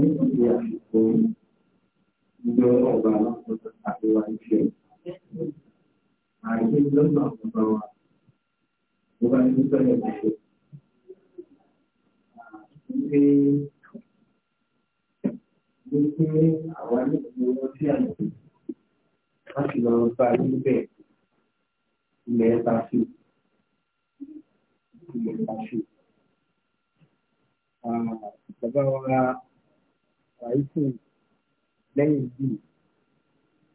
nítorí àsìkò ìjọ ọba lọ́sọ̀tọ̀ àti wa iṣẹ́. Àìsí lọ́sọ̀ ọ̀pọ̀ wa, mo bá ní sọ́yọ̀ ìṣẹ́. Ṣé ní pé àwa ní owó tí a lè láti lọ bá níbẹ̀ ilẹ̀ ta sí ilẹ̀ ta sí. Bàbá wa ṣàìsùn lẹ́yìn bí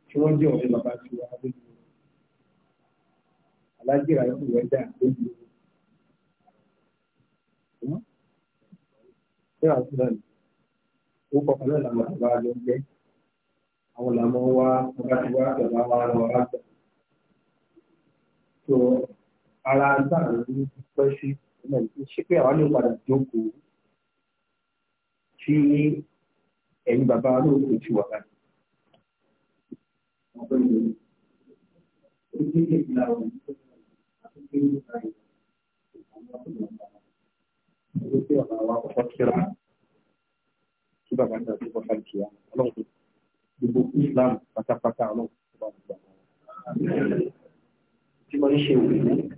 tí wọ́n jẹ́ ọ̀rẹ́ bàbá tí wọ́n á lójú alájìrà ìlú ẹ̀dá lójú ṣé àtúrà ni ó kọkàn náà làwọn bàbá ló ń jẹ́ àwọn làmọ́ wá bàbá tí wọ́n á bàbá wá lọ rà bẹ̀. tó ara ń tà ní pẹ́ sí ṣé pé àwọn ní padà jókòó tí ẹ̀yin bàbá náà kò tí wà láti. Kí bàbá náà tó bọ́ fàlùkì wa, ọlọ́run gbogbo Islam pátápátá ọlọ́run tó bá gbà. Tí wọ́n ń ṣe òwe,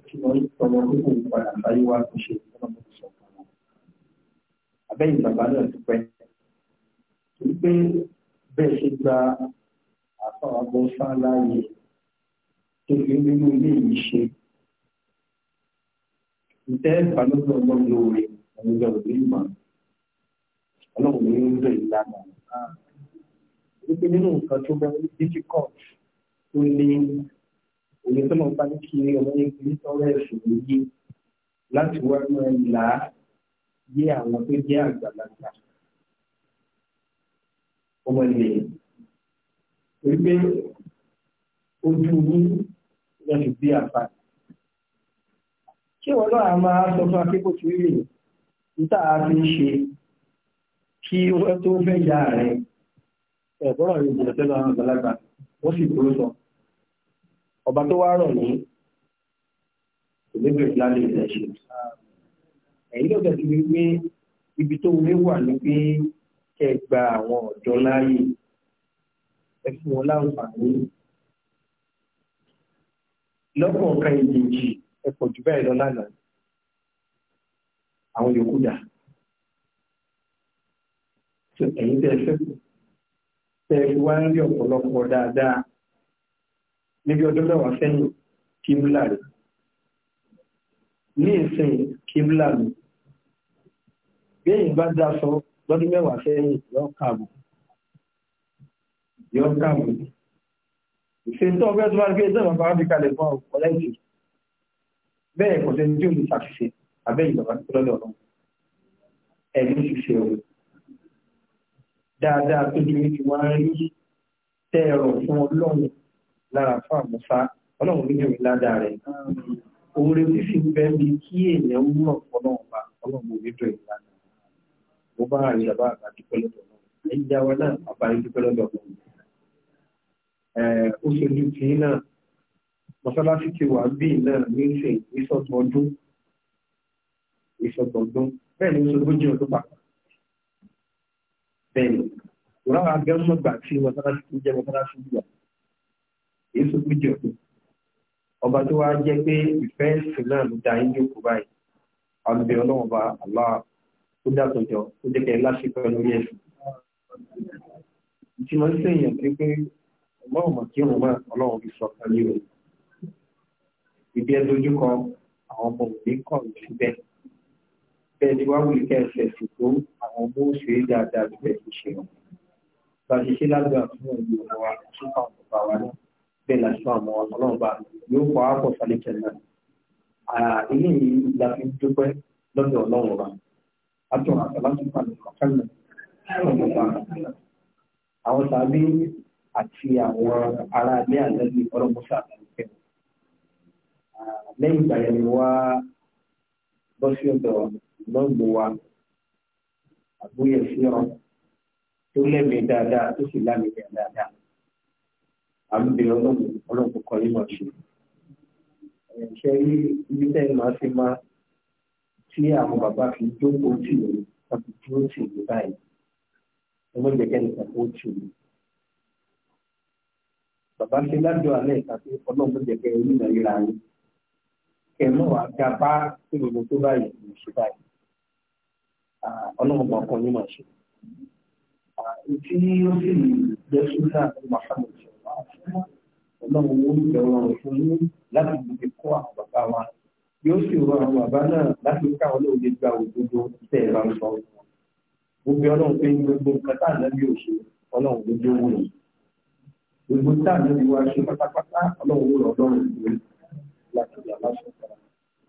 tí wọ́n ń tọrọ lókùn padà sáyé wá tó ṣe ọlọ́run tó sọ̀kan. Abẹ́yìn bàbá náà dúpẹ́ wípé bẹ́ẹ̀ ṣe gba àfọwọ́bọ fáláyé tó fi nínú ilé yìí ṣe ǹtẹ́ ìbálòpọ̀ ọgbọ́n lóore àwọn ìjọ òbí mọ̀ ọlọ́run ní ń lò ìlànà wípé nínú nǹkan tó bá difficult tó ní òye tó máa bá ní kí ọmọ yẹn kiri tọ́rọ̀ ẹ̀sìn yìí láti wá máa là á yé àwọn tó jẹ́ àgbàlagbà ọmọ ilẹ̀ torí pé ojú ní lọ́sùn bí àpá kí wọ́n náà máa sọ fún akẹ́kọ̀ọ́ tí ó lè níta fi ń ṣe kí ó tó fẹ́ ya rẹ̀ ẹ̀gbọ́n rẹ̀ jùlọ sẹ́nu àwọn àgbàlagbà wọ́n sì dúró sọ ọba tó wá rọ̀ ní ìlébẹ̀rẹ̀ lálẹ́ ìlẹ̀ ṣe ẹ̀yìn lọ́dọ̀ ti wí pé ibi tó wọlé wà ní pé kẹ́ gba àwọn ọ̀dọ́ láàyè ẹ fún wọn láǹfààní lọ́pọ̀ nǹkan ìdíjì ẹ pọ̀ jù bẹ́ẹ̀ lọ lánàá àwọn yòókù dà tó ẹ̀yin tẹ́ fẹ́ tẹ́ fi wá ń rí ọ̀pọ̀lọpọ̀ dáadáa níbi ọdún mẹ́wàá sẹ́yìn kíbùlà rẹ̀ ní ìsìn kíbùlà mi bí èyí bá dá sọ lọ́dún mẹ́wàá sẹ́yìn yóò kààbù yóò kààbù ìṣètò ọgbẹ́ tó bá ń gbé ìjọba bá fi kalẹ̀ fún ọ̀rẹ́ ìtì bẹ́ẹ̀ kò sẹ́ni tí ó lè ṣàṣìṣe abẹ́ ìjọba tó lọ́dọ̀ ọ̀rọ̀ ẹ̀mí ṣiṣẹ́ o dáadáa tó ju ní ti wá ń rí tẹ́ ẹ̀rọ fún ọlọ́run lára fún àmúfá ọlọ́run ní ìjọba ládàá rẹ̀ oore fífi bẹ́ẹ̀ bí kí èèyàn wúrọ̀ fọlọ́run bá ọlọ́run ò ní dọ̀ ìlànà bó bá rà ní bàbá àdúpẹ́ lọ́dọ̀ náà ẹ̀yìn ìyá wa náà bàbá yín dúpẹ́ lọ́dọ̀ náà ó ṣojú tí náà mọ́sálásí ti wà bí náà ní ṣe ìsọ̀tọ̀ ọdún ìsọ̀tọ̀ ọdún bẹ́ẹ̀ ni oṣogójì ọdún pa bẹ́ẹ̀ ni ìwọ́n abẹ́mọ̀ gbà tí mọ́sálásí ti jẹ́ mọ́sálásí gbà ìsọgójì ọdún ọba tó wá jẹ́ pé ìfẹ́ ìsìn náà ló da yín ó dàtọ̀ jọ ó jẹ́ kẹ́ láṣẹ pẹ̀lú orí ẹ̀sìn. Ìtì máa ń sèyàn pé pé ọlọ́run mọ̀ kí òun máa ọlọ́run fi sọ pẹ̀lú rẹ̀. Ìdí ẹ dojúkọ àwọn ọmọ òbí kọ̀ síbẹ̀. Bẹ́ẹ̀ ni wá wùlí kẹ́sẹ̀ ṣètò àwọn ọmọ òṣèré dáadáa bí bẹ́ẹ̀ ti ṣe wọn. Bàṣẹ ṣe lágbà fún òbí ọmọ wa ṣùgbọ́n àwọn bàbá wa náà bẹ́ẹ̀ la ṣùgbọ́n àwọn ọlọ́run bá yóò kọ́ àpọ̀ sálẹ̀ tẹ̀lé náà. Ilé yìí la fi dúpẹ́ lọ́dọ̀ ọlọ́run wa àtọ̀rọ̀ àtàlátù pàdé ọ̀kẹ́lẹ̀ àwọn tàbí àti àwọn ará ilé àlẹ́lẹ́ ọlọ́mọṣà àtàlùkẹ́ lẹ́yìn ìgbà yẹn ni wá bọ́ sí ọ̀dọ̀ lọ́gbù wa àbúyẹ̀ sí ọ tó lẹ́mìí dáadáa tó sì lámìí dáadáa àbúbìrì ọlọ́mù ọlọ́mù kọ́ yìí máa ṣe ẹ̀ṣẹ́ yìí ibi tẹ́yìn máa fi máa tí àwọn bàbá fi jókòó tì mí àti dúró tì mí báyìí ọmọ ìgbẹ́kẹ̀ nìkan ó tì mí. bàbá ṣe lájọ alẹ́ ìtàkùn ọlọ́run jẹ̀kẹ́ onílẹ̀ ìlà yín kẹmọ́ àgàbá ìròyìn tó báyìí kò ṣe báyìí ọlọ́run kan ní màá ṣe. tí ó sì jẹ́ súnà Muhammad ṣe wá ọlọ́run ó ń bẹ̀rù ọ̀rọ̀ fún yín láti gbèdé kó àwọn bàbá wa yóò sì rọ àwọn bàbá náà láti ká àwọn olóògbé gba òdodo tẹ ẹ bá ń sọ gbogbo ọlọ́run pé gbogbo nǹkan tá à ń lẹ́bí òṣè ọlọ́run gbogbo wò lọ gbogbo tá à ń lẹ́bí wa ṣe pátápátá ọlọ́run wò lọ ọlọ́run ìwé láti ìyá lásán sára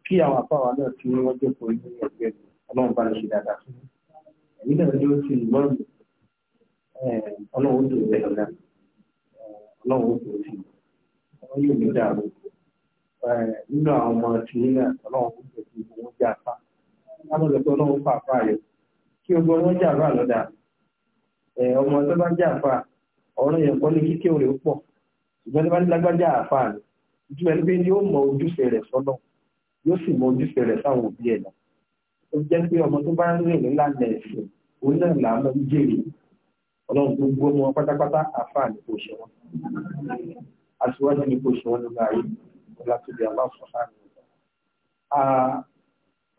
kí àwọn afáwa náà tí wọ́n jókòó ní ẹgbẹ́ ọlọ́run bá ń ṣe dáadáa fún ẹ̀yin náà ló ti ìmọ̀ràn ọlọ́run tó bẹ̀rẹ̀ náà ọlọ́run tó ti ọlọ́run yóò ní dáàbò Eh, nínú àwọn ọmọ tìyí náà ọlọ́run kò tẹ̀ sí owó jà fà láwọn lọ́pọ̀ ọlọ́run fà fà yọ kí o gbọ́ wọn jà fà lọ́dà eh, ọmọ tó bá jà fà ọ̀rọ̀ yẹn kọ́ ní kíkẹ́ òrè pọ̀ ṣùgbọ́n tó bá ní lágbájá àfà rẹ̀ ojú ẹni pé yóò mọ ojúṣe rẹ̀ sọ́nà yóò sì mọ ojúṣe rẹ̀ sáwọn òbí ẹ̀ náà ó jẹ́ pé ọmọ tó bá ń rìn ní lànà ẹ̀sìn òun náà là á jèrè ọlọ́run tó gbọ́ wọn pátápátá àfà ní kò ṣe wọn aṣíwájú ní kò ṣe wọn nínú ayé látòdì aláṣọ sáàmì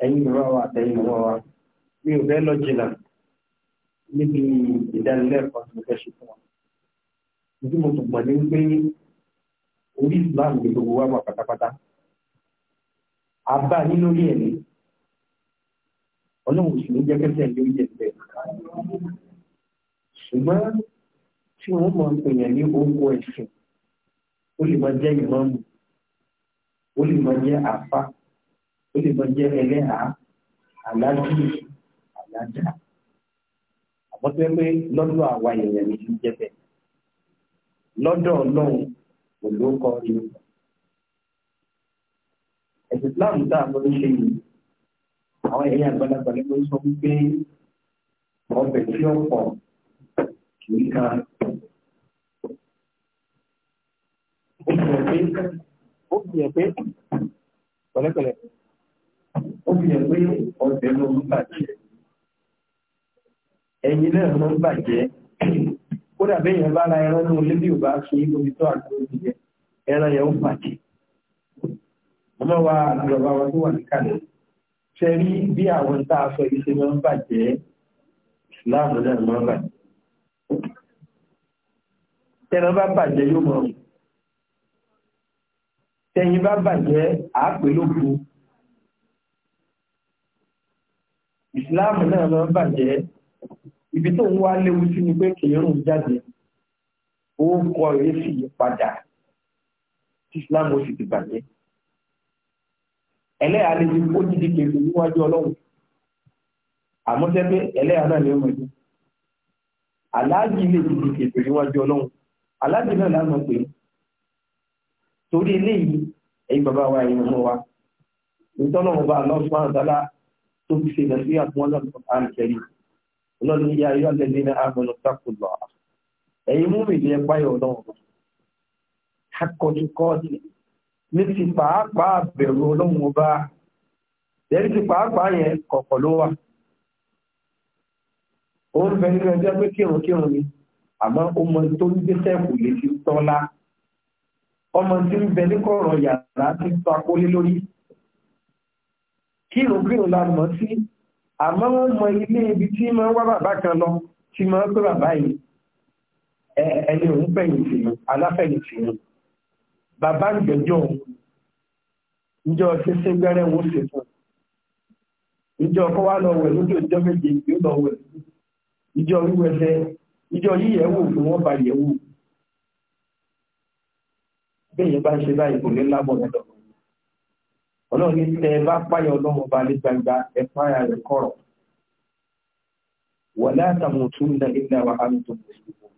ẹ̀yìn ìwà wa àtẹ̀yìn ìwà wa mi ò bẹ́ẹ̀ lọ jìnnà níbi ìdánilẹ́kọ̀ọ́ tí mo fẹ́ ṣe fún wa ìdí mo tún gbọ̀n ní pé orí Islam ní gbogbo wa wà pátápátá àbá nínú orí ẹ̀ ní ọlọ́run sì ló jẹ́ kẹ́sẹ̀ ní orí ẹ̀ bẹ́ẹ̀ ṣùgbọ́n tí wọ́n mọ̀ ń pèèyàn ní orúkọ ẹ̀sìn ó lè máa jẹ́ ìmáàmù ó lè máa jẹ́ àfa ó lè máa jẹ́ ẹlẹ́hàá aláàjì aláàjà àmọ́ tó yẹ pé lọ́dọ̀ àwa èèyàn ni ń jẹ́ bẹ́ẹ̀ lọ́dọ̀ ọlọ́run kò ló kọ́ rí o ẹ̀sìn Islam tá a lọ ṣe yìí àwọn èèyàn àgbàlagbà ló sọ wípé ọbẹ̀ tí ó pọ̀ kì í kan ó fi hàn pé pẹ̀lẹ́pẹ̀lẹ́ ó fi hàn pé ọ̀sẹ̀ ló ń bàjẹ́ ẹ̀yin náà ló ń bàjẹ́ kódà bẹ́ẹ̀ yẹn bá ra ẹran ní olé bí ò bá ṣe omi tó àgbò ìjẹ ẹran yẹn ó bàjẹ́ ọmọ wa àgbàbà wa tó wà níkàlẹ̀ ṣe rí bí àwọn tá a sọ yìí ṣe máa ń bàjẹ́ ìsìláàmù náà máa ń bàjẹ́ tẹ́ran bá bàjẹ́ yóò mọ̀ ọ́n tẹ̀yìn bá bàjẹ́ àápè lóko ìsìláàmù náà máa bàjẹ́ ibi tó ń wá léwu sí ni pé kìírùn jáde ó kọ èéfì padà tí ìsìláàmù ó sì ti bàjẹ́ ẹlẹ́yà lè fi kó dídí kejì níwájú ọlọ́run àmọ́ sẹ́pẹ́ ẹlẹ́yà náà ni ó aláàjì lè dídí kejì níwájú ọlọ́run aláàjì náà lánàá pé torí eléyìí ẹ̀yin bàbá wa ẹ̀yin ọmọ wa ìtọ́nà ọba aláwọ̀sùn àdálá tó fi ṣe ìdásí àtúnwọ́n náà lọ́pọ̀ àǹkẹ́rì ọlọ́run ní yá ayọ́ lẹ́lẹ́ ní àmọ́nà sákòlọ́ ẹ̀yin mú mi ní ẹ̀pá yọ̀ ọlọ́run akọ̀tù kọ́ọ̀tì ní ti pàápàá bẹ̀rù ọlọ́run ọba ẹ̀rí ti pàápàá yẹn kọ̀kọ̀ ló wà ó ń bẹ nínú ẹjọ́ pé kírun kírun ni àmọ́ ó mọ tó ń gbé sẹ́ẹ̀kù létí tọ́lá ọmọ tí ń bẹ níkọ̀ọ̀rọ̀ yàrá ti tó akólé lórí kí ìrògbìn la mọ̀ sí àmọ́ wọ́n mọ ilé ibi tí máa ń wá bàbá kan lọ tí máa ń pé bàbá yìí ẹni òun fẹ̀yìntì ni aláfẹ̀yìntì ni bàbá ń gbẹ́jọ́ òun ìjọ ṣẹṣẹ gbẹ́rẹ́ wọn ṣe fún ìjọ kọ́ wá lọ wẹ̀ lójú ìjọ méje ìgbé lọ wẹ̀ ìjọ wíwẹsẹ̀ ìjọ yíyẹ̀wò fún wọn bá yẹ̀wò èyí bá ń ṣe báyìí kò ní lábọ̀ lẹ́dọ̀ ọlọ́run ní tẹ ẹ bá páyà ọlọ́run bá ní gbangba ẹ páyà rẹ kọ̀rọ̀ wala tamutunna illa wa antum muslimun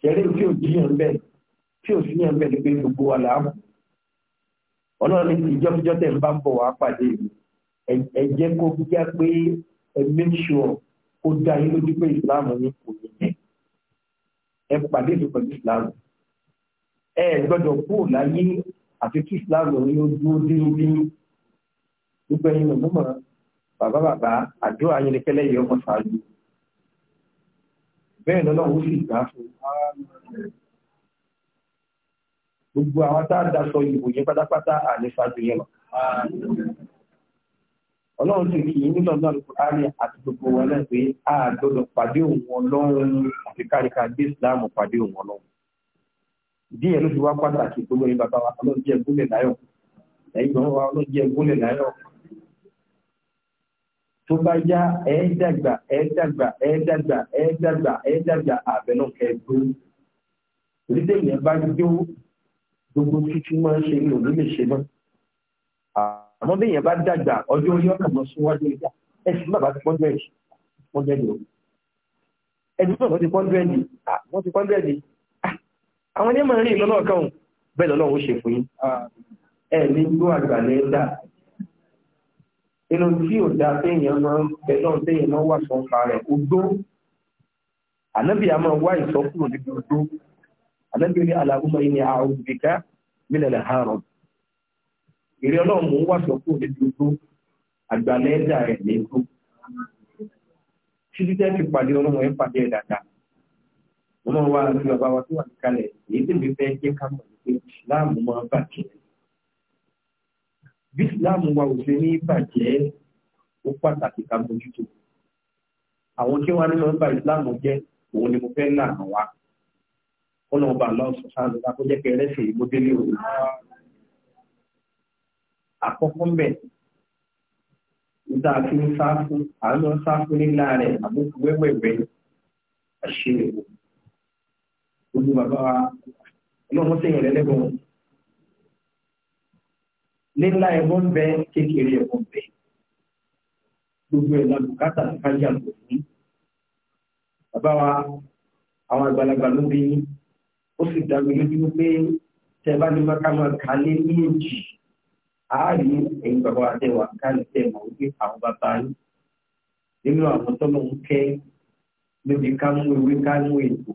jẹ́rẹ́ tí ò jíyàn bẹ́ẹ̀ tí ò síyàn bẹ́ẹ̀ ni pé gbogbo wa làámù ọlọ́run ní ìjọ́kíjọ́ tẹ̀ ń bá ń bọ̀ wá pàdé ẹ jẹ́ kó já pé ẹ make sure kó dá yín lójú pé ìsìláàmù ní kò ní ẹ gbọ́dọ̀ kú láyé àfi kí islam ní ó dúró déédéé gbogbo ẹ̀yin ò mọ̀ bàbá bàbá àdó ayẹnikẹlẹ yìí ọmọ ṣáájú bẹ́ẹ̀ lọ́nà ó sì gbà fún gbogbo àwọn tá a daṣọ ìbò yẹn pátápátá àní ṣáájú yẹn lọ ọlọ́run sì kì í nílò náà lùkùránì àti gbogbo wọn náà pé a gbọ́dọ̀ pàdé òun ọlọ́run àti káríkà gbé ìsìláàmù pàdé òun ọlọ́run díẹ̀ ló fi wá pàtàkì gbogbo ní bàbá wa ọlọ́jẹ́ gúnlẹ̀ láyọ̀ ẹ̀yìn gbọ́n wa ọlọ́jẹ́ gúnlẹ̀ láyọ̀ tó bá yá ẹ̀ẹ́dàgbà ẹ̀ẹ́dàgbà ẹ̀ẹ́dàgbà ẹ̀ẹ́dàgbà ẹ̀ẹ́dàgbà àbẹ̀lọ́ kẹ́ẹ̀dó orílẹ̀ yẹn bá jó gbogbo títí máa ń ṣe ní òní lè ṣe mọ́ àmọ́ bí yẹn bá dàgbà ọjọ́ orí ọkàn mọ́ síwájú ìjà ẹ̀sìn bàbá ti pọ́ndrẹ́dì pọ́ndrẹ́dì o ẹ̀sìn bàbá ti pọ́ndrẹ́dì àwọn ní mọ̀ rìn lọ́nà kan bẹ́ẹ̀ lọ́nà ó ṣe fún yín ah. ẹ ní gbọ́ àgbà ní dá inú tí ò dá téèyàn máa ń bẹ náà téèyàn wà sọ pa rẹ̀ ogbó ànábì a máa ìsọkúrò níbi ogbó ànábì ní aláwùmọ̀ yìí ni àwọn òbíkà mílẹ̀ àárọ̀ ìrẹ́ ọlọ́run mò ń wà sọkúrò níbi ogbó àgbà ní dá ẹ̀ ní ogbó títí tẹ́ pàdé ọlọ́run ẹ̀ pàdé ẹ̀ dáadáa ọlọ́run wa ní bàbá wa tó wà ní kalẹ̀ èyí tí mi fẹ́ jẹ́ ká mọ̀ ní pé ìsìláàmù máa bàjẹ́ bí ìsìláàmù wa ò ṣe ní bàjẹ́ ó pàtàkì ká mójútó àwọn tí wọn ní máa ń ba ìsìláàmù jẹ́ òun ni mo fẹ́ là hàn wá ọlọ́run bá lọ sọ sáà lọ́la kó jẹ́ pé ẹlẹ́sìn yìí mo délé òun àkọ́kọ́ mbẹ̀ níta fi ń sá fún àánú sá fún nílá rẹ̀ àbúkù wẹ́wẹ́wẹ́ àṣírí òun gbogbo bàbá wa ọlọ́run sèyàn lẹ́lẹ́gbọ̀n nílá ẹ̀bọ́n ń bẹ kékeré ẹ̀bọ́n ń bẹ gbogbo ẹ̀ làbùkátà kájà lò ní bàbá wa àwọn àgbàlagbà ló bí ó sì dàgbé lójú pé tẹ bá ní máa ká máa kà lé ní èjì ààrí ẹ̀yin bàbá wa tẹ wà ká lè tẹ mọ̀ wípé àwọn bàbá yín nínú àwọn tọ́lọ́ ń kẹ́ lóbi ká mú ewé ká mú ètò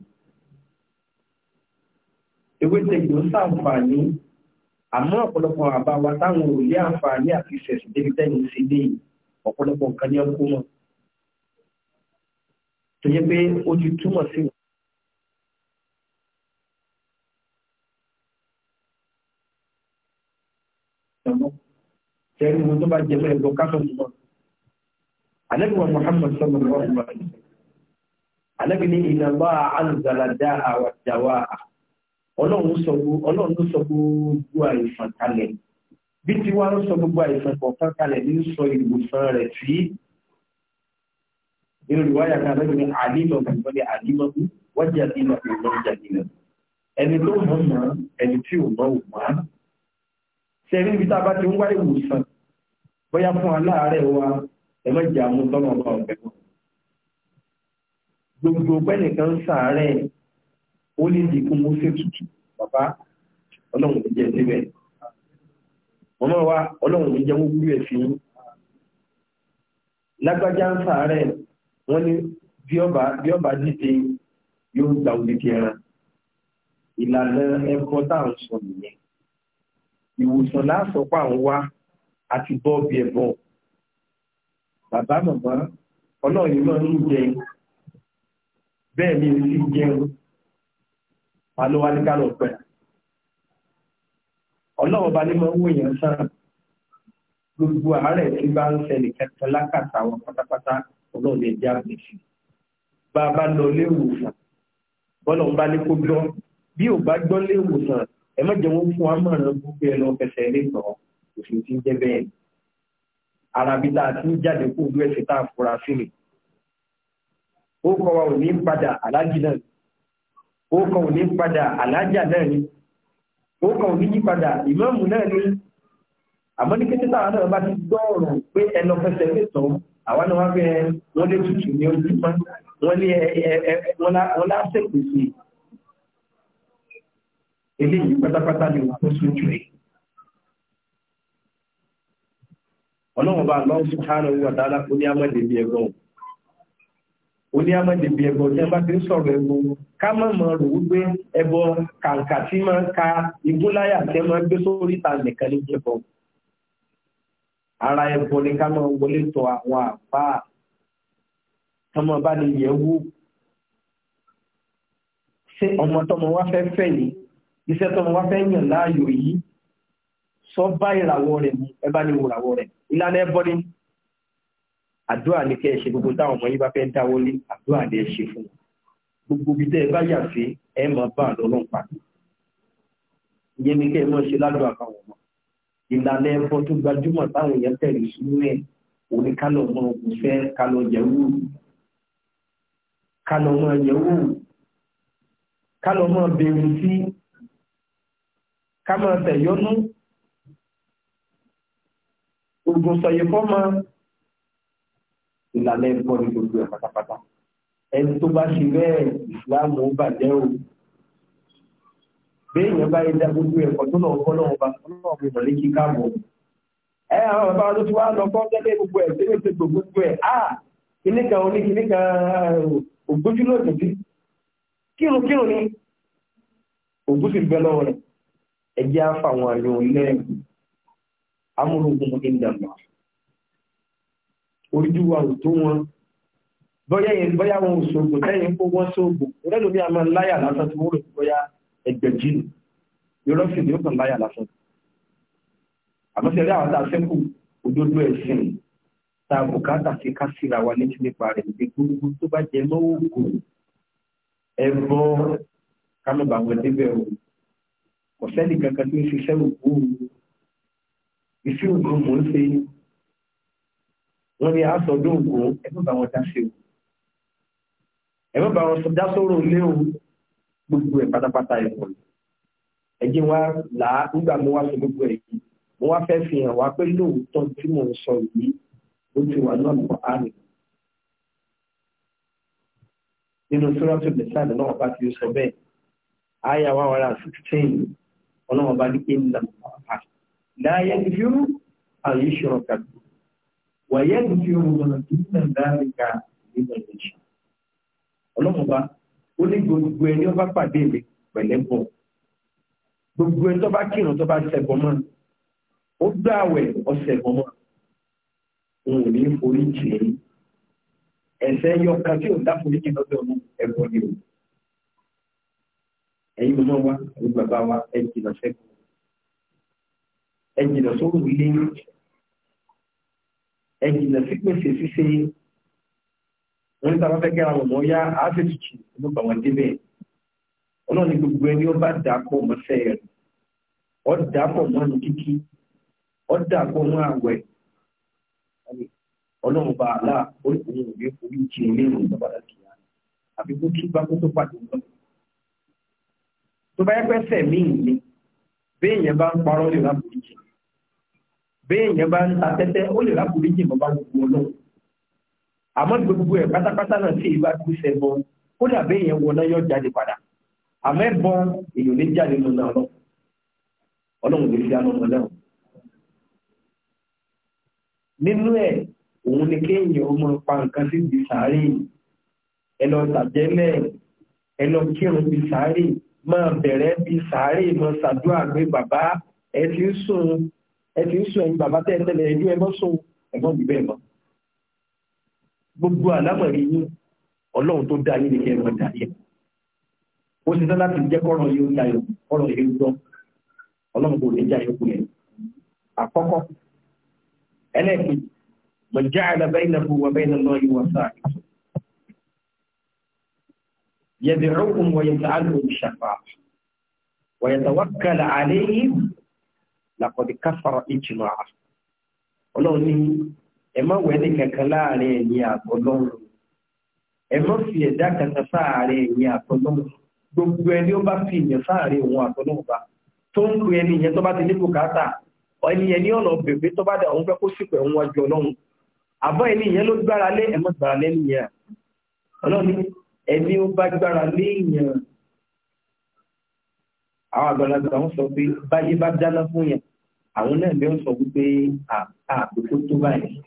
ewé tẹ̀gbẹ́ ó sàǹfààní àmọ́ ọ̀pọ̀lọpọ̀ àbá wa táwọn ò lé àǹfààní àti ìṣẹ̀sì débi tẹ́yìn sí dé ọ̀pọ̀lọpọ̀ nǹkan ní ọkọ mọ̀ tó yẹ pé ó ti túmọ̀ sí wọn. tẹ́lú wọn tó bá jẹ́ mẹ́rin lọ káfẹ́ mọ́. Alẹ́bíwa Muhammad sallallahu alaihi wa sallam. Alẹ́bí ní ìnàbá àlùzàlàdá àwàdàwà ọlọ́run sọ ọlọ́run ló sọ gbogbo àìsàn kalẹ̀ bí ti wá ló sọ gbogbo àìsàn kọ̀ọ̀kan kalẹ̀ ní sọ ìwòsàn rẹ̀ sí nínú ìwáyà kan lẹ́nu ní àlílọ̀ nìkan ní àlílọ̀ ní wájà nílọ̀ ìlọ̀ ìjà nílọ̀ ẹni tó mọ̀ mọ̀ ẹni tí ò mọ̀ ò mọ̀ á sẹ́rí ibi tá a bá ti ń wá ìwòsàn bóyá fún aláàárẹ̀ wa ẹ má jẹ́ àmú tọ́nà ọba ọ̀bẹ̀ gbogbo pẹ́nìkan sàárẹ̀ ó lè di kún mú sí tutù bàbá ọlọ́run ti jẹ síbẹ̀ mọ́mọ́ wa ọlọ́run ti jẹ wọ́n wúlò ẹ̀ fi yín lágbájá ń sàárẹ̀ wọ́n ní bí ọba bí ọba dìde yóò gba òdìdí ẹran ìlànà ẹ̀kọ́ tá à ń sọ nìyẹn ìwòsàn lásọpọ àwọn wá àti bọ́ọ̀bì ẹ̀bọ bàbá màmá ọlọ́run náà ń jẹ bẹ́ẹ̀ ni ó sì jẹun alówá ní kálọ̀ pẹ̀. ọlọ́wọ́ bá ní mọ́ owó èèyàn sàn gbogbo àárẹ̀ tí bá ń ṣẹlẹ̀ kẹta lákàtà àwọn pátápátá ọlọ́run lè já àgbè sí. bá a bá lọ ilé ìwòsàn bọ́lá ń bá ní kó gbọ́ bí ò bá gbọ́ ilé ìwòsàn ẹ má jẹun fún wa mọ̀ràn gbogbo ẹ lọ fẹsẹ̀ ilé ìtàn òfin ti jẹ́ bẹ́ẹ̀. arabi tá a ti ń jáde kó olú ẹsẹ̀ tá a fura sí ni. ó kọ́ wa ò ní padà aláàjì náà ó kàn ò ní padà alájà náà ni ó kàn ò ní yí padà ìmáàmù náà ni àmọ́ ní kété táwọn náà bá ti gbọ́ ọ̀rọ̀ pé ẹnu fẹsẹ̀ lè tọ́ àwa náà wá fẹ́ wọ́n lé tutù ní ojú mọ́ wọ́n lé wọ́n lásìkò sí eléyìí pátápátá ni wọ́n tó sójú rẹ̀. ọlọ́run bá lọ́ọ́ sùn káàrọ̀ wíwà dáadáa kó ní amọ̀dé bí oní amájèbí ẹbọ tí wọn bá ti ń sọ̀rọ̀ ẹbọ ká má mọ rò wípé ẹbọ kàǹkà tí máa ń ka igúnláyà tí wọn máa ń gbé sórí ìta nìkan ní ẹbọ ara ẹbọ ni ká máa wọlé tọ̀ àwọn àbá tọmọ bá ní yẹ̀ wò ṣé ọmọ tọmọ wá fẹ́ fẹ́ yìí iṣẹ́ tọmọ wá fẹ́ yàn láàyò yìí sọ bá ìràwọ̀ rẹ̀ mu ẹ bá ní ìràwọ̀ rẹ̀ ìlànà ẹbọ ni àdúrà ní kẹ́ ẹ ṣe gbogbo táwọn ọmọ yín bá fẹ́ dáwọ́ lé àdúrà ní ẹ ṣe fún wọn gbogbo ibi tẹ́ ẹ bá yà sí ẹ mọ̀ bá àlọ́lọ́n pàdé ìyẹn ní kẹ́ ẹ mọ̀ ṣe ládùn àbáwọn ọmọ ìlànà ẹ̀fọ́ tó gbajúmọ̀ táwọn èèyàn tẹ̀lé sínú ẹ̀ òní kálọ̀ mọ òkú fẹ́ kálọ̀ yẹ̀wò kálọ̀ mọ yẹ̀wò kálọ̀ mọ bèrè sí ká tẹ̀yọ́nú ògùn sọ̀yẹ̀fọ́ mọ. la ẹ̀kọ́ ní gbogbo ẹ̀ pátápátá ẹni tó bá ṣe bẹ́ẹ̀ ìsìláàmù ó bàjẹ́ o béèyàn bá yẹ dá gbogbo ẹ̀kọ́ tó lọ́wọ́ kọ́ lọ́wọ́ bá lọ́wọ́ fi ẹ àwọn bàbá wa ah! ni ojú wa ò tó wọn bọ́yá yẹn bọ́yá wọn ò sóògùn lẹ́yìn kó wọ́n sóògùn lẹ́nu bí a máa láyà lásán tí wọ́n rò bọ́yá ẹgbẹ̀jì nù yọrọ sì ni ó kàn láyà lásán àmọ́sẹ̀ rí àwọn tá a sẹ́kù òdodo ẹ̀sìn ta bùkátà sí ká síra wa létí nípa rẹ̀ ní gbogbo tó bá jẹ lọ́wọ́ ògùn ẹ̀bọ kámẹ́bà wọn débẹ̀ o kò kankan tó ń ṣiṣẹ́ òkú ìṣí ògùn mò ń ṣe wọ́n ní aṣọ́dún ògùn ẹgbẹ́ bá wọn dá sí o ẹgbẹ́ bá wọn dá sọ́rọ̀ lé o gbogbo ẹ̀ pátápátá ẹ̀kọ́ ẹ̀jẹ̀ wa là á nígbà mo wá sọ gbogbo ẹ̀ yìí mo wá fẹ́ fi hàn wá pé lóòótọ́ tí mò ń sọ yìí ó ti wà náà mọ̀ àmì nínú sọ́rọ́tò bẹ̀sán náà bá ti sọ bẹ́ẹ̀ àyà wa wàrà sixteen ọlọ́wọ́n bá ní kéwìn náà láyé ní ويغفر من دون ذلك لمن يشاء ọlọ́run ọba ó ní gbogbo ẹni ọba pàdé mi pẹ̀lẹ́bọ̀ gbogbo ẹni tó bá kírun tó bá ṣẹ̀bọ̀ mọ́ ó dá àwẹ̀ ọ̀ṣẹ̀bọ̀ mọ́ òun ò ní forí jì í ẹ̀ṣẹ̀ yọ kan tí ò dá forí jì lọ́dọ̀ ọ̀nà ẹ̀bọ̀ ni o ẹ̀yin mọ́ wa ẹ̀yin bàbá wa ẹ̀ jìnà sẹ́kù ẹ̀ jìnà sórùn ilé yìí ẹ̀jìnà sí pèsè ṣíṣe wọ́n ní sábà fẹ́ kẹ́ra wọn mọ́ yá áṣẹ tutù ló bà wọ́n débẹ̀ ọlọ́run ní gbogbo ẹni ó bá dàpọ̀ mọ́sẹ̀ rẹ̀ ó dàpọ̀ mọ́ ní kíkí ó dàpọ̀ mọ́ àwẹ̀ ọlọ́run bá àlá oríkùnrin òbí orí ìjì ilé ìrìn ìjọba láti yá àfi kó tún bá kó tó pàdé lọ. tó bá yẹ pẹ́ sẹ̀ míì ni béèyàn bá ń parọ́ lè rábòrí jìnnà béèyàn bá ń ta tẹ́tẹ́ ó lè lákùnrin jìnnà bá gbogbo náà àmọ́ gbogbo ẹ̀ pátápátá náà sì bá kú sẹ́bọ kódà béèyàn wọná yóò jáde padà àmọ́ ẹ̀bọ èèyàn lè jáde lọ náà lọ ọlọ́run lè fi àná ọmọ náà nínú ẹ̀ òun ni kéèyàn ó máa pa nǹkan sí ibi sàárè ẹ lọ tàjẹ́lẹ̀ ẹ lọ kírun ibi sàárè máa bẹ̀rẹ̀ ibi sàárè máa ṣàdúrà pé bàbá ẹ ti ń sùn ẹ fi ń sùn ẹ̀yin bàbá tẹ́ ẹ tẹ́lẹ̀ ẹjú ẹ mọ́ sùn ẹ̀gbọ́n jù bẹ́ẹ̀ mọ́ gbogbo àlámọ̀rí yín ọlọ́run tó dá yín nìkẹ́ ẹ̀rọ dàrí ẹ̀ ó ṣe tán láti jẹ́ kọ́rọ̀ yìí ó dayọ̀ kọ́rọ̀ yìí ó dán ọlọ́run kò ní já yókù yẹn àkọ́kọ́ ẹlẹ́ẹ̀kejì mọ̀já àlàbẹ́yìnàfọ̀ wà bẹ́yìnàlọ́ yìí wà sáà yẹ̀dẹ̀rọ̀kùn wọ̀yẹ̀tà àlùmọ̀ ṣàfà wọ̀yẹ̀tà wákàlà àlẹ́yìn làkọ̀dí káfàrà ìjìmọ̀ àrà ọlọ́run ní ẹ má wẹ́ ní kankan láàrin ẹ̀yìn àtọ́lọ́run ẹ má fi ẹ̀dá kankan sáàrin ẹ̀yìn àtọ́lọ́run gbogbo ẹni ó bá fi ìyẹn sáàrin òun àtọ́lọ́run bá tó ń pe ẹni ìyẹn tó bá ti ní bùkátà ẹni yẹn ní ọ̀nà bèbè tó bá dà òun fẹ́ kó sípẹ̀ òun ọjọ́ ọlọ́run àbọ̀ ẹni ìyẹn ló gbára lé ẹ gbára lé nìyẹn ọlọ́run ẹni ó bá gbára lé ìyẹn àwọn àgbàlagbà wọn sọ pé báyé bá dáná fún yẹn àwọn náà bí ó sọ wípé àkókò tó báyìí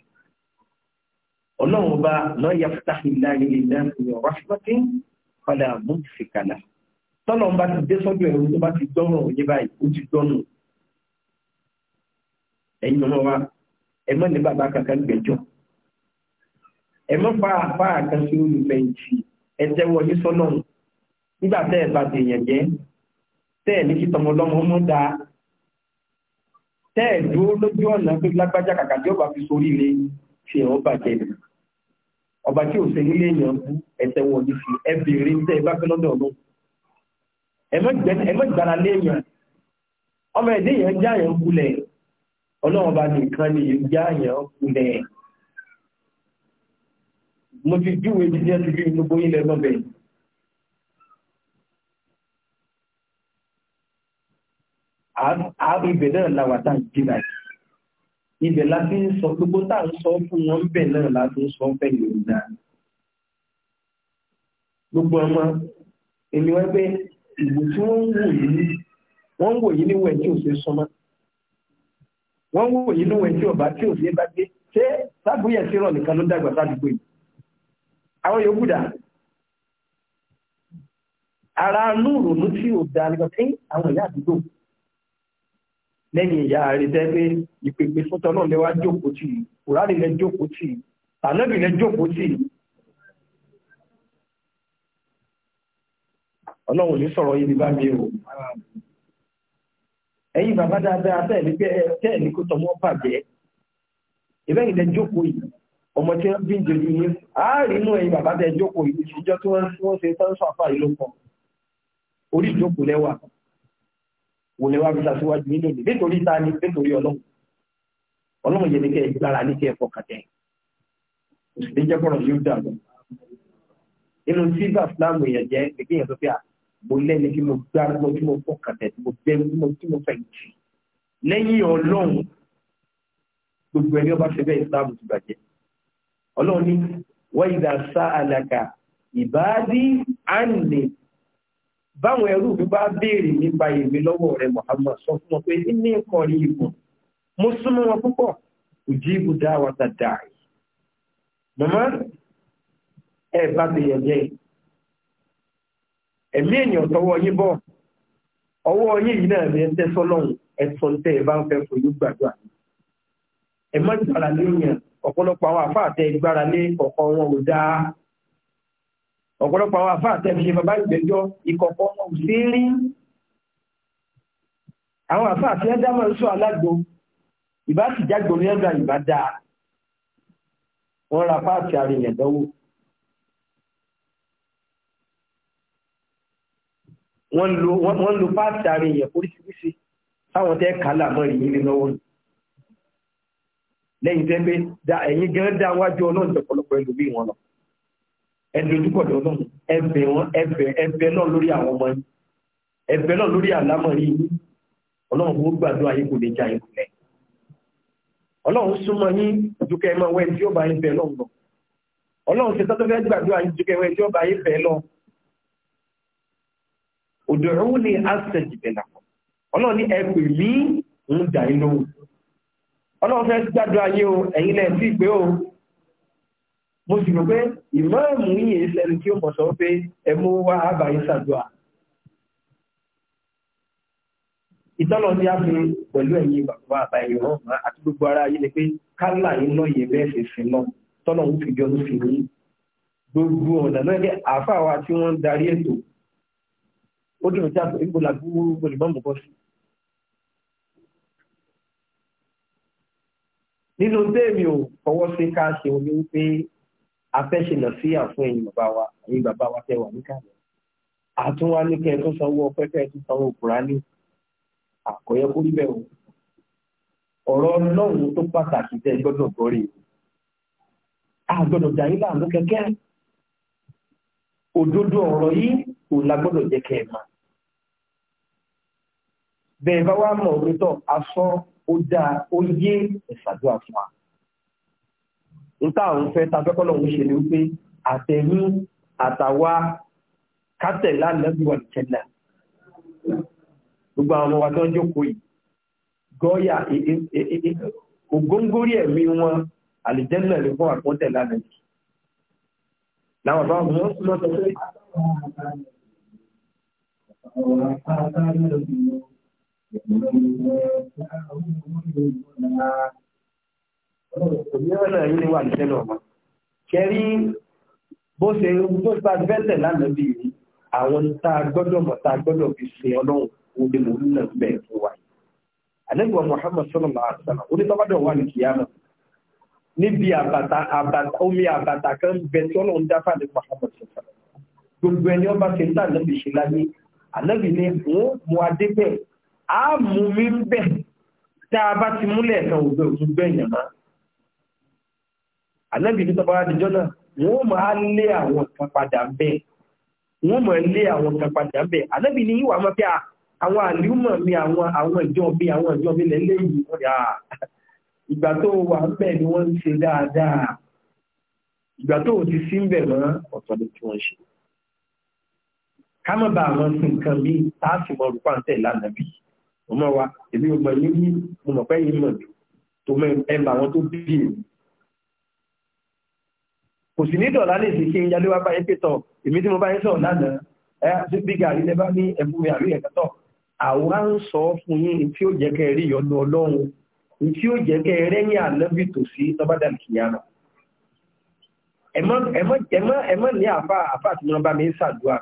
ọlọ́run bá lọ́ọ̀yà fúláhìlá ilé náà fi ọ̀rọ̀ ṣùgbọ́n padà mú ìfikàlà tọ́lọ́run bá ti dé sọ́dọ̀ ẹ̀rọ tó bá ti gbọ́rọ̀ òye báyìí ó ti gbọ́nù ẹ̀yin ọmọ wa ẹ mọ́ ní bàbá kankan gbẹ̀jọ́ ẹ mọ́ fa àfa àkànṣe olùfẹ̀yìntì ẹ tẹ́wọ́ yín sọ́nà nígbà tẹ́ ẹ bá ti yẹn jẹ́ tẹ́ ẹ ní kí tọmọlọ́mọ mọ́ dáa tẹ́ẹ̀dúró lójú ọ̀nà pé lágbájá kàkà tí ọba fi sórí ilé fi ẹ̀rọ bàjẹ́ ni ọba tí ò ṣe nílé èèyàn bú ẹ̀sẹ̀ wọn ní fi ẹ bèèrè tẹ́ ẹ bá fẹ́ lọ́dọ̀ ọ̀nà ẹ mọ́ ìgbàlá léèyàn ọmọ ẹ̀dẹ́ yẹn já yẹn kulẹ̀ ọlọ́run bá nìkan ni yẹn já yẹn kulẹ̀ mo ti júwe jíjẹ́ ti bí gbogbo yín lẹ́gbọ́n bẹ́ẹ̀ ààrùn ibẹ̀ náà làwà tá à ń gbé báyìí ibẹ̀ la fi ń sọ gbogbo tá à ń sọ fún wọn bẹ̀ náà la fi ń sọ fẹ́ yòó dáa gbogbo ọmọ èmi wá pé ìwò tí wọ́n ń wò yìí ní wọ́n ń wò yìí níwọ̀ ẹ̀ tí ò ṣe sọmọ́ wọ́n ń wò yìí níwọ̀ ẹ̀ tí ọba tí ò ṣe bá gbé ṣé sábúyẹ̀ sí rọ̀ nìkan ló dàgbà sádùúgbò yìí àwọn yòókù dà ara nù rònú tí ò da nípa pé àwọn ìyá àdúgbò lẹ́yìn ìyá rẹ̀ tẹ́gbẹ́ ìpèpè fún tọ́lọ́ lẹ́wà jókòó tì í kùránì lẹ́ jókòó tì í tànẹ́bì lẹ́ jókòó tì í. ọlọ́run ní sọ̀rọ̀ yìí ní bá mi o. ẹ̀yin bàbá dáadáa tẹ́ẹ̀lì pé tẹ́ẹ̀lì kó tọmọ bàjẹ́ ìbẹ́yìn lẹ́ jókòó yìí ọmọ tí wọ́n bí ń jẹjú yín ààrẹ inú ẹ̀yin bàbá tẹ́ jókòó yìí ìṣèjọ́ tí wọ́n ṣe tán sọ àfà yìí ló kọ orí ìjókòó lẹ́wà wòlẹ̀ wá fi ṣàṣíwájú nínú ni nítorí ta ni nítorí ọlọ́run ọlọ́run yẹn ni kẹ́ ẹ gbára ní kẹ́ ẹ fọkàn tẹ̀ kò sì ní jẹ́ kọ́rọ̀ yóò dà lọ. nínú sílvà fúlàmù èèyàn jẹ́ gẹ́gẹ́ yẹn tó fi à mo lẹ́ni tí mo gbárùkọ tí mo fọkàn tẹ̀ mo bẹ̀rù mo tí mo fẹ̀ jì lẹ́yìn ọlọ́run gbogbo ẹni ọba ṣe bẹ́ẹ̀ ìsìlámù ti bàjẹ́ ọlọ́run ní wọ́n ìdá sá àlàkà ìbáàdí àǹlẹ̀ báwọn ẹrú mi bá béèrè nípa èmi lọ́wọ́ rẹ̀ Muhammad sọ fún wọn pé ní ìkọrí ìbùn mo súnmọ́ wọn púpọ̀ òjìbù dáwà dáadáa màmá ẹ bá ti yẹ jẹ ẹ̀mí ènìyàn tọwọ́ yín bọ̀ ọwọ́ yín yìí náà ní ẹ tẹ́ sọ́lọ́hún ẹ̀sọ́ ń tẹ́ ẹ bá ń fẹ́ fojú gbàdúrà ẹ má gbára lé yẹn ọ̀pọ̀lọpọ̀ àwọn àfáà gbára lé ọ̀kan wọn ò dáa ọ̀pọ̀lọpọ̀ àwọn àfáà tẹ́lẹ̀ ṣe bàbá ìgbẹ́jọ́ ìkọ̀kọ̀ náà sí rí àwọn àfáà tí wọ́n dámọ̀ ń sọ alágbo ìbá sì jágbo ní ọ̀dọ̀ ìbá dáa wọ́n ra páàtì àrìyàn dánwò wọ́n lo páàtì àrìyàn oríṣiríṣi táwọn tẹ́ kálà mọ́ ìyìn lọ́wọ́ lẹ́yìn tẹ́ pé ẹ̀yìn gan dá wájú ọlọ́ọ̀dọ̀pọ̀lọpọ̀ ẹdójúkọ̀dọ̀ náà ẹbẹ̀ wọn ẹbẹ̀ ẹbẹ̀ náà lórí àwọn ọmọ yìí ẹbẹ̀ náà lórí àlámọ̀ yìí ọlọ́run kò gbàdúrà yìí kò lè ja ìkùnlẹ̀ ọlọ́run súnmọ́ yín dúkẹ́ ẹ máa wẹ́ tí ó bá yín bẹ̀ lọ́wọ́ ọlọ́run ṣe tọ́tọ́ fẹ́ gbàdúrà yín dúkẹ́ wẹ́ tí ó bá yín bẹ̀ lọ òdòrún ni asẹ̀jì bẹ̀ làkọ̀ ọlọ́run ní ẹgbẹ̀ mí ń dà yín lóhùn ọlọ́run fẹ́ gbàdúrà yín o ẹ̀yin lẹ́ẹ̀ sí ìgbé o mo sì rò pé ìmáàmù yìí ẹsẹ̀ni tí ó mọ̀ sọ pé ẹmú wá àbáyé sàdúà ìtọ́lọ̀ ní a fi pẹ̀lú ẹ̀yìn bàbá àbáyé ọ̀hún àti gbogbo ara yìí ni pé kálà iná yẹ bẹ́ẹ̀ sì sí náà tọ́lọ̀ ń fìjọ ń fi ní gbogbo ọ̀nà náà ní àáfà wa tí wọ́n ń darí ètò ó dùn sí àpò ìgbòlà gbogbo ìbọn bọ̀ sí. nínú tẹ́ẹ̀mì ò fọwọ́ sí ká ṣe omi wípé afẹ́ṣe lọ sí àfún ẹ̀yin bàbá wa ẹ̀yin bàbá wa tẹ́ wà níkàlẹ̀ àtúnwá ní kẹ́ ẹ tó sanwó ọpẹ́ kẹ́ ẹ tó sanwó kùránì àkọyẹ kó rí bẹ́ẹ̀ o ọ̀rọ̀ ọlọ́run tó pàtàkì tẹ́ gbọ́dọ̀ gọ́rí a gbọ́dọ̀ dàrí láàánú kẹ́kẹ́ òdodo ọ̀rọ̀ yìí kò lágbọ́dọ̀ jẹ́ kẹ́ ẹ mà bẹ́ẹ̀ bá wá mọ̀ òótọ́ asán ó dáa ó yé ẹ̀sàdúrà fún wa níta àwọn fẹ́ ta fẹ́ kọ́lọ̀ ń ṣe ni wípé àtẹ̀mí àtàwa kátẹ̀lá lẹ́bí wà jẹ́lá gbogbo àwọn ọmọ wa tó ń jókòó yìí gọ́ọ̀yà e, e, e, ògóngórí ẹ̀mí wọn àlìjẹ́lẹ̀ lè fọ́ àpọ́tẹ̀lá lẹ́bí láwọn bá wọn lọ sọ pé Thank you òmíràn náà yìí ni wà ní tẹ́lẹ̀ ọmọ kẹrí bó ṣe bó ṣe bá bẹ́tẹ̀ lánàá bí yìí àwọn tá a gbọ́dọ̀ mọ̀ tá a gbọ́dọ̀ fi ṣe ọlọ́run ó lè mọ̀ nínú ẹgbẹ́ fún wa yìí àlẹ́gbẹ̀ wa níbi àbàtà àbàtà omi àbàtà kan bẹ tí ọlọ́run dáfà ní Muhammad sallallahu gbogbo ẹni ọba ṣe ń tà lẹ́bi ṣe láyé àlẹ́bi ni wọ́n mú adé bẹ́ẹ̀ á mú mi bẹ́ẹ̀ tá a bá ti múlẹ̀ kan òbẹ̀ òtún bẹ́ẹ̀ yàn máa ànábì tó tọ́pá àdìjọ́ náà wọ́n máa lé àwọn kan padà ń bẹ̀ wọ́n máa lé àwọn kan padà ń bẹ̀ ànábì ní ìwà máa fi àwọn àlùmọ̀ mi àwọn àwọn ìjọ mi àwọn ìjọ mi lẹ́lẹ́ yìí wọ́n yà ìgbà tó wà ń bẹ̀ ni wọ́n ń ṣe dáadáa ìgbà tó ti sí ń bẹ̀ mọ́ ọ̀tọ̀ ni tí wọ́n ṣe ká má bàa mọ sí nǹkan bí tá a sì mọ orúkọ àǹtẹ̀ lánàá bí mo mọ wa èmi ò mọ yín mo mọ̀ pé yín mọ̀ tó mọ ẹ̀ bá wọn tó bí èmi kò sì ní dọ̀lá lè sí kí n yálé wá bá yín pẹ̀tọ̀ èmi tí mo bá yín sọ̀rọ̀ lánàá ẹ àti bí gàrí lẹ bá ní ẹ̀fún mi àrí ẹ̀kẹ́tọ̀ àwòrán ń sọ fún yín tí ó jẹ́ kẹ́ rí ìyọnu ọlọ́run tí ó jẹ́ kẹ́ rẹ́yìn ànábì tòsí tọ́bádà kìyàmà ẹ̀mọ́ ní àfa àfa àti mọ́ bá mi ń ṣàdúrà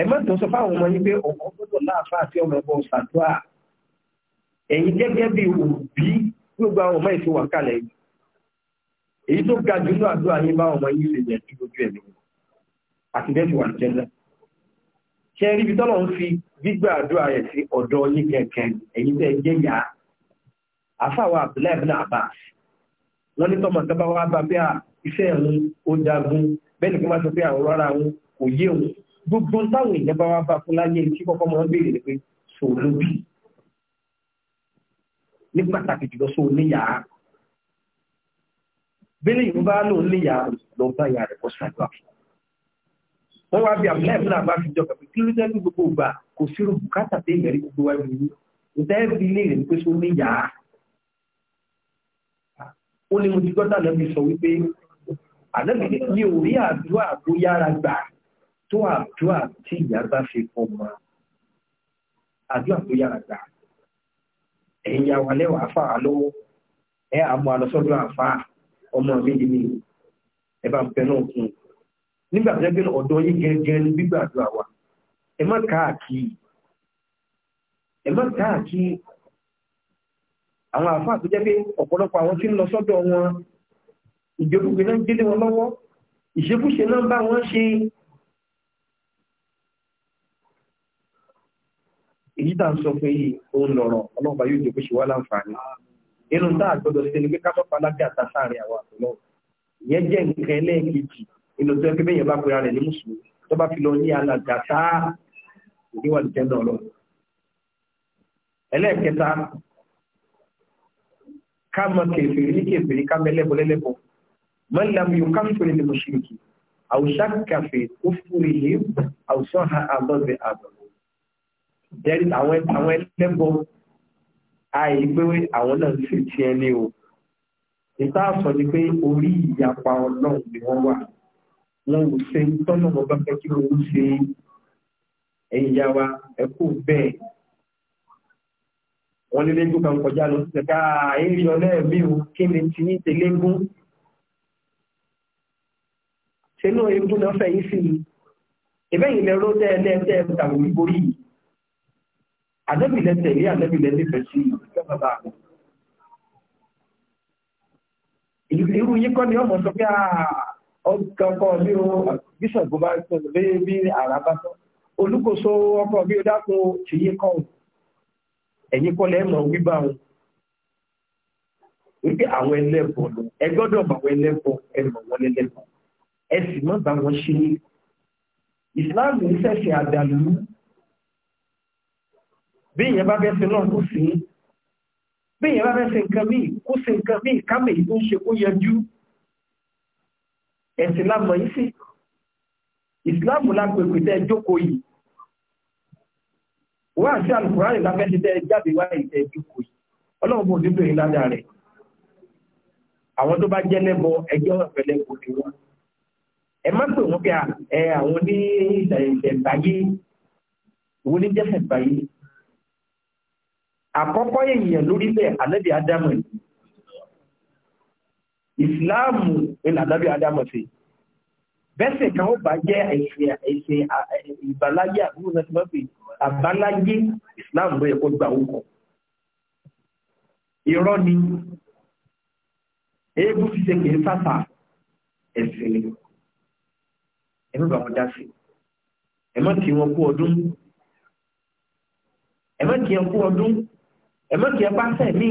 ẹ̀mọ́ tó sọ fáwọn ọmọ yín pé ọkọ̀ gbọ́dọ̀ láàfa àti ọmọ ẹ̀bọ ṣàdúrà ẹ̀yin gẹ́gẹ́ bí òbí gbogbo àwọn ọmọ ìfiwà kalẹ̀ yìí èyí tó ga jùlọ àdúrà yín bá ọmọ yín ṣèjẹ tí ojú ẹ̀mí àtìdẹ́tì wà jẹ́lẹ̀ ṣe rí ibi tọ́lọ̀ ń fi gbígbà àdúrà rẹ̀ sí ọ̀dọ̀ yín kẹ̀kẹ́ èyí tẹ́ jẹ́ yá àfàwọ̀ Abdullahi bin Abbas ní bá bí iṣẹ́ ẹ̀hún ó bẹ́ẹ̀ ni kí wọ́n sọ pé àwọn wọn gbogbo táwọn bá fún láyé tí kọ́kọ́ mọ́ pé sòlóbì ní pàtàkì jùlọ bílí yìí bá lòun lè yà lọ bá yà rẹ̀ kó ṣàdúrà fún un wọ́n wá bí abúlé ìbúlá bá fi jọ pẹ̀lú kí ló jẹ́ gbogbo ìgbà kò sí rò bùkátà tẹ́ ìbẹ̀rẹ̀ gbogbo wa ìlú ìtẹ́ bí ilé rẹ̀ pé só lè yà á ó ní mo ti gbọ́dọ̀ lẹ́bi sọ wípé àlẹ́bi ní orí àdúrà bóyára gbà tó àdúrà tí ìyá bá fi kọ́ mọ́ àdúrà bóyára gbà ẹ̀yà wà lẹ́wọ̀ àfà lọ́wọ́ ẹ̀ ọmọ mi ni ẹ bá ń fẹ́ náà fún un nígbà tó yẹ pé ọ̀dọ́ yín gẹ́gẹ́ ní gbígbàdúrà wa ẹ má káàkiri ẹ má káàkiri àwọn àfáà tó jẹ́ pé ọ̀pọ̀lọpọ̀ àwọn tí ń lọ sọ́dọ̀ wọn ìjókòó náà ń wọn lọ́wọ́ ìṣekúṣe náà bá wọn ṣe èyí tá à ń sọ pé òun lọ̀rọ̀ ọlọ́pàá yóò jẹ́ kó ṣe wá láǹfààní inú tá a gbọdọ̀ ṣe ni pé kásọ̀pá lábẹ́ àtàsáàrin àwọn àtọ̀lọ́ ìyẹn jẹ́ nǹkan ẹlẹ́ẹ̀kejì inú tó yẹ pé bẹ́yẹn bá pera rẹ̀ ní mùsùlùmí tó bá fi lọ ní alàgàtà ìdíwà ìjẹ́ náà lọ. ẹlẹ́ẹ̀kẹta ká mọ kèfèrí ní kèfèrí ká mẹlẹ́bọ lẹ́lẹ́bọ mọ́lẹ́mú yóò káfíńtì ní mùsùlùmí àwùjá kàfé ó fúri yìí àwùjọ àbọ̀bẹ̀ àbọ̀ àì pé àwọn náà sì ti ẹni o ìta sọ ni pé orí ìyapa ọlọ́run ni wọ́n wà wọn ò ṣe tọ́nà wọn bá fẹ́ kí wọ́n ṣe ẹ̀yìn ya wa ẹ kú bẹ́ẹ̀ wọ́n lé lẹ́gùn kan kọjá lọ sí ẹ̀ka èrè ọlẹ́ẹ̀mí o kí ni ti ní tẹ́lẹ́gùn ṣe náà egun náà fẹ̀yìn sí i ìbẹ́yìn lẹ́rọ́ tẹ́ẹ̀lẹ́ẹ̀tẹ́ẹ̀ tàbí borí yìí àdẹ́bìlẹ̀ tẹ̀lé àdẹ́bìlẹ̀ nífẹ̀ẹ́ sí ìjọba irú yí kọ́ ni ọmọ sọ a ah, ọkọ̀ ọkọ̀ mi o bíṣọ̀bù bá sọ lé bí ara bá olùkóso ọkọ̀ mi o dákun ti yí kọ́ ẹ̀yìn kọ́ lẹ́mọ̀ wíbá wọn wípé àwọn ẹlẹ́bọ̀ lọ ẹ gbọ́dọ̀ bá wọn ẹlẹ́bọ̀ ẹmọ̀ wọn lẹ́lẹ́bọ̀ ẹ sì mọ́ bá wọn ṣe ìsìláàmù ń fẹ̀sẹ̀ àdàlú bí èèyàn bá fẹ́ ṣe náà kó sí bí èèyàn bá fẹ́ ṣe nǹkan míì kó ṣe nǹkan míì kámẹ̀ yìí tó ń ṣe kó yẹjú ẹ̀sìn lámọ̀ yìí sí ìsìláàmù lágbègbè tẹ́ jókòó yìí wọ́n àti alùpùránì láfẹ́ ṣe tẹ́ jáde wá ìtẹ́ jókòó yìí ọlọ́run bò nílò yìí ládàá rẹ̀ àwọn tó bá jẹ́ lẹ́bọ ẹjọ́ ìpẹ̀lẹ̀ kò ní wọn ẹ má pè wọ́n bí àwọn ní ìṣẹ̀ǹbáyé ìwọ́n ní àkọ́kọ́ èèyàn lórílẹ̀ ànábì Ádámù ìsìláàmù ilẹ̀ ànábì Ádámù sí bẹ́sẹ̀ kan ó bá jẹ́ ẹ̀ṣẹ̀ ìbáláyé àbúrò náà ti máa fi àbáláyé ìsìláàmù ló yẹ kó gbà ókọ̀ irọ́ ni eégún ṣíṣe kìí sáfà ẹ̀sìn ni ẹ̀mí bàbá dá sí ẹ̀mọ́ kí wọn kú ọdún ẹ̀mọ́ kí wọn kú ọdún ẹ̀mọ́kì ẹbá fẹ́ mí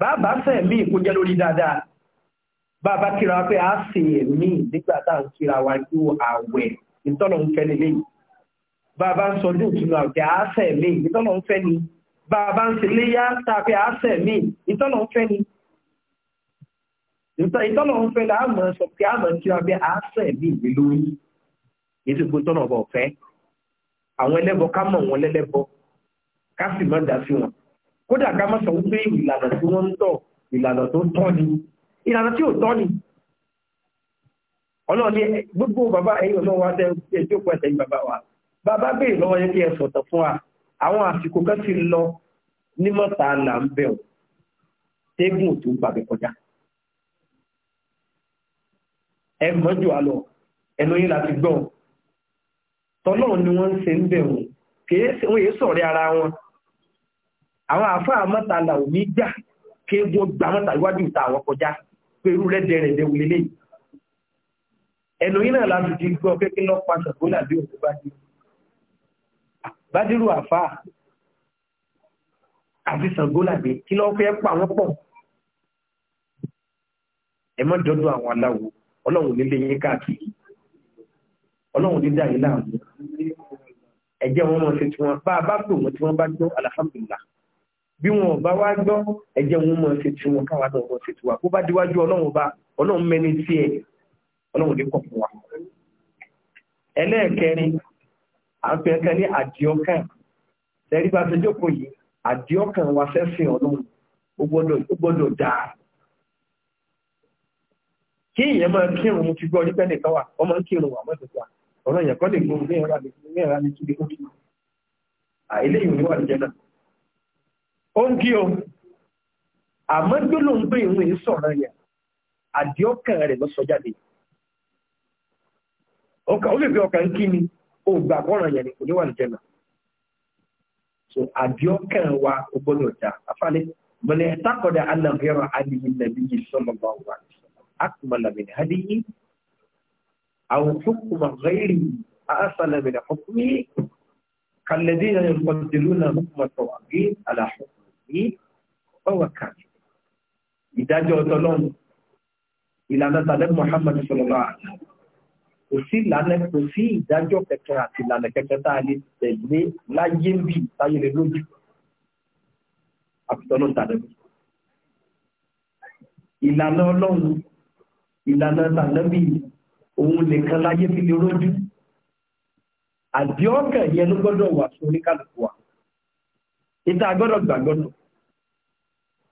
bàbá fẹ́ mí kó jẹ́ lórí dáadáa bàbá kíra pé a ṣe mí nígbà tá à ń kíra wa ju àwẹ̀ ìtọ́nà ń fẹ́ nílé yìí bàbá ń sọ ọdún ìtùnú àwẹ̀ a ṣe mí ìtọ́nà ń fẹ́ ni bàbá ń ṣe léyà tá a pé a ṣe mí ìtọ́nà ń fẹ́ ni ìtọ́nà ń fẹ́ la mọ̀ sọ pé a mọ̀ kíra pé a ṣe mí ìlú lórí ètò ìgbótọ́nà ọ̀bọ̀ ọ̀fẹ́ àwọn ẹlẹ́bọ ká mọ̀ wọn lẹ́lẹ́bọ ká sì mọ̀ dá sí wọn kódà ká má sọ wípé ìlànà tí wọ́n ń tọ̀ ìlànà tó tọ́ ni ìlànà tí ò tọ́ ni ọlọ́run ní gbogbo bàbá ẹ̀yìn ọlọ́run wá tẹ́ jókòó ẹ̀sẹ̀ bàbá wa bàbá béèrè lọ́wọ́ yẹn kí ẹ sọ̀tọ̀ fún wa àwọn àsìkò kan ti lọ ní mọ́ta là ń bẹ̀ ọ́ tẹ́gùn tó gbàgbé kọjá ẹ mọ́jú àlọ́ ẹnu yín láti gbọ́ tọ́lọ́run ni wọ́n ń ṣe ń bẹ̀ wọ́n kì í sọ̀rẹ́ ara wọn àwọn àfáà mọ́tàlá ò ní gbà kí ó gba mọ́tà iwájú ìta àwọn kọjá pé irú rẹ́dẹ̀rẹ̀dẹ̀ wulẹ̀ lẹ́yìn ẹnu yìí náà láti di gbọ́ kékeré náà pa ṣàgbọ́là bí òkú bá dé bá dérò àfáà àti ṣàgbọ́là bí kí lọ́ọ́ fẹ́ pa wọ́n pọ̀ ẹ mọ́ dọ́dọ̀ àwọn aláwo ọlọ́run nílé yín káàkiri ọlọ́run nílé àyè láàmú ẹ̀jẹ̀ wọn mọ̀ ṣe tí wọ́n bá bá pè wọ́n tí wọ́n bá dún alhamdulillah bí wọn bá wá gbọ́ ẹ̀jẹ̀ wọn mọ̀ ṣe tiwọn káwa náà mọ̀ ṣe tiwa bó bá díwájú ọlọ́run bá ọlọ́run mẹ́ni tiẹ̀ ọlọ́run lè kọ̀ fún wa. ẹlẹ́ẹ̀kẹrin àfẹ́kẹ́ ní àdìọ́kàn lẹ́rí bá ṣe jókòó yìí àdìọ́kàn wa sẹ́sìn ọlọ́run ó gbọ́dọ̀ dáa. kí ìyẹn máa kírun mo ti gbọ́ ọdún pẹ́ẹ́nì kan wà ọmọ ń kírun wà mọ́tò wa ọ̀rọ̀ yẹn kọ́ lè gbóhùn ní ó ń kí o àmọ́ gbólóhùn pé ìwé sọ̀rọ̀ yẹn àdíọ́kàn rẹ̀ lọ sọ jáde ọkà ó lè fi ọkà ń kí ni ó gbà kọ́ràn yẹn ni kò ní wà náà so àdíọ́kàn wa ó gbọ́dọ̀ já afálẹ́ mọ̀lẹ́ takọ̀dà alàgbẹ̀rọ̀ aliyu nàbí yìí sọ́nà bá wà akùmọ̀làmìnì hadiyi àwọn hukuma ghairi asàlàmìnì hukumi kàlẹ́dí yẹn kọ̀tìlú náà hukuma tọ̀wàgé ní ọwọ́kàtì ìdájọ́ ọ̀tọ́lọ́run ìlànà tàbí Muhammad sọlọ́lá kò sí ìlànà kò sí ìdájọ́ kẹkẹ àti ìlànà kẹkẹ tá a lè tẹ̀lé láyé ń bì táyé lè lójú àfitọ́lọ́ tàbí ìlànà ọlọ́run ìlànà tàbí òun nìkan láyé fi lè rójú àdíọ́kẹ̀ yẹn ló gbọ́dọ̀ wà fún oníkàlùkù wa ìta gbọ́dọ̀ gbàgbọ́dọ̀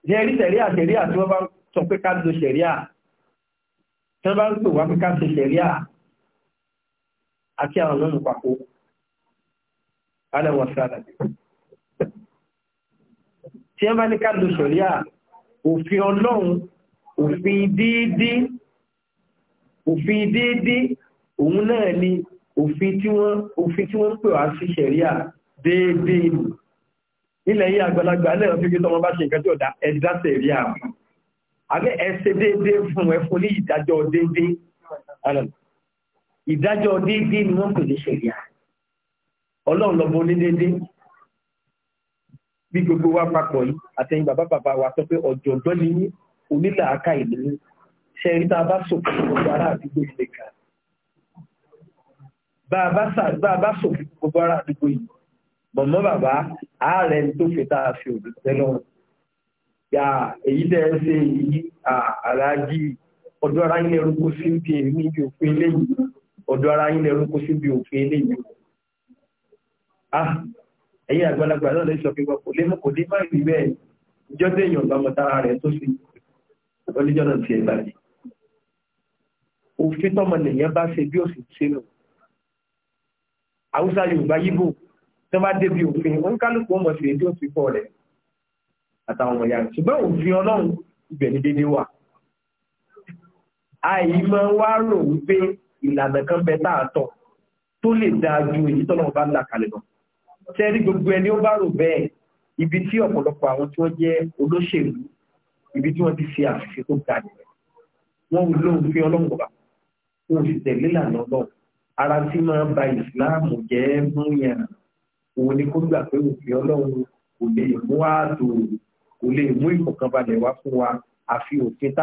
jẹ́rí sẹ̀ríà sẹ̀ríà tí wọ́n bá sọ pé ká lo sẹ̀ríà tí wọ́n bá ń pè wá pé ká ṣe sẹ̀ríà àti àwọn ọlọ́run papọ̀ alẹ́wọ̀n sí àdàbí tí wọ́n bá ní ká lo sẹ̀ríà òfin ọlọ́run òfin dídí òfin dídí òun náà ni òfin tí wọ́n ń pè wá sí sẹ̀ríà déédéé nílẹ̀ yí àgbàlagbà lẹ́yìn fífi tọmọ bá ṣe nǹkan tí ọ̀dà ẹ̀dá tẹ̀rí àmà àbẹ́ ẹsẹ̀ déédéé fún ẹ fún ní ìdájọ́ déédéé ìdájọ́ déédéé ni wọ́n pè ní ṣẹ̀ríà ọlọ́run lọ́bọ ní déédéé bí gbogbo wa papọ̀ yìí àtẹ̀yìn bàbá bàbá wa sọ pé ọ̀jọ̀gbọ́n ni onílàáká ìlú ṣẹ̀rí tá a bá sòkò gbogbo ará àdúgbò ilé kan bá a bá sòkò gbogbo ará àdúgbò yìí mọ̀mọ́ bàbá ààrẹ tó fi tá a fi òbí tẹ́lọ̀ yà èyí tẹ́ ẹ ṣe yìí àràájì ọ̀dọ̀ ara yín lẹ́rú kó sí bí èmi bí òfin eléyìí ọ̀dọ̀ ara yín lẹ́rú kó sí bí òfin eléyìí. ẹ̀yin àgbàlagbà náà lè sọ pé wọn kò lè mọ kò lè má rí bẹ́ẹ̀ ìjọ téèyàn bá mọ tára rẹ̀ tó sì oníjọ́ náà tiẹ̀ bàjẹ́. òfin tọmọ nìyẹn bá ṣe bí òsì ṣe lò yorùbá yíbò tó bá débi òfin oníkálùkù ọmọ ṣe tó ti kọ rẹ̀ àtàwọn ọmọ ìyá rẹ̀ ṣùgbọ́n òfin ọlọ́run ibẹ̀ ní dédé wà àìmọ̀ wá rò wípé ìlànà kan bẹ táàtọ̀ tó lè dáa ju èyí tọ́lọ́run bá là kalẹ̀ lọ tẹ́rí gbogbo ẹni ó bá rò bẹ́ẹ̀ ibi tí ọ̀pọ̀lọpọ̀ àwọn tí wọ́n jẹ́ olóṣèlú ibi tí wọ́n ti ṣe àṣìṣe tó ga jù wọ́n ló ń fi ọlọ́run wà wọ́n sì tẹ̀lé ìlànà ọlọ́run ara tí máa ba ìsìláàmù jẹ́ múyàn òun ni kó gbà pé òfin ọlọ́run kò lè mú ààtò kò lè mú ìfọ̀kànbalẹ̀ wá fún wa àfi òfin tá